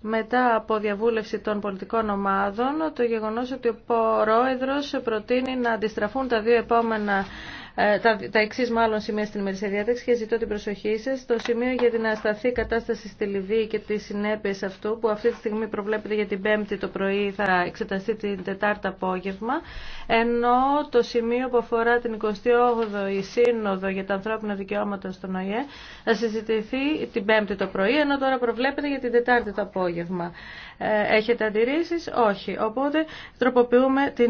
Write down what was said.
μετά από διαβούλευση των πολιτικών ομάδων το γεγονός ότι ο πρόεδρος προτείνει να αντιστραφούν τα δύο επόμενα ε, τα, τα εξή μάλλον σημεία στην ημερησία διάταξη και ζητώ την προσοχή σα. Το σημείο για την ασταθή κατάσταση στη Λιβύη και τι συνέπειε αυτού που αυτή τη στιγμή προβλέπεται για την Πέμπτη το πρωί θα εξεταστεί την Τετάρτη απόγευμα. Ενώ το σημείο που αφορά την 28η Σύνοδο για τα ανθρώπινα δικαιώματα στον ΟΗΕ θα συζητηθεί την Πέμπτη το πρωί, ενώ τώρα προβλέπεται για την Τετάρτη το απόγευμα. Ε, έχετε αντιρρήσει, όχι. Οπότε τροποποιούμε την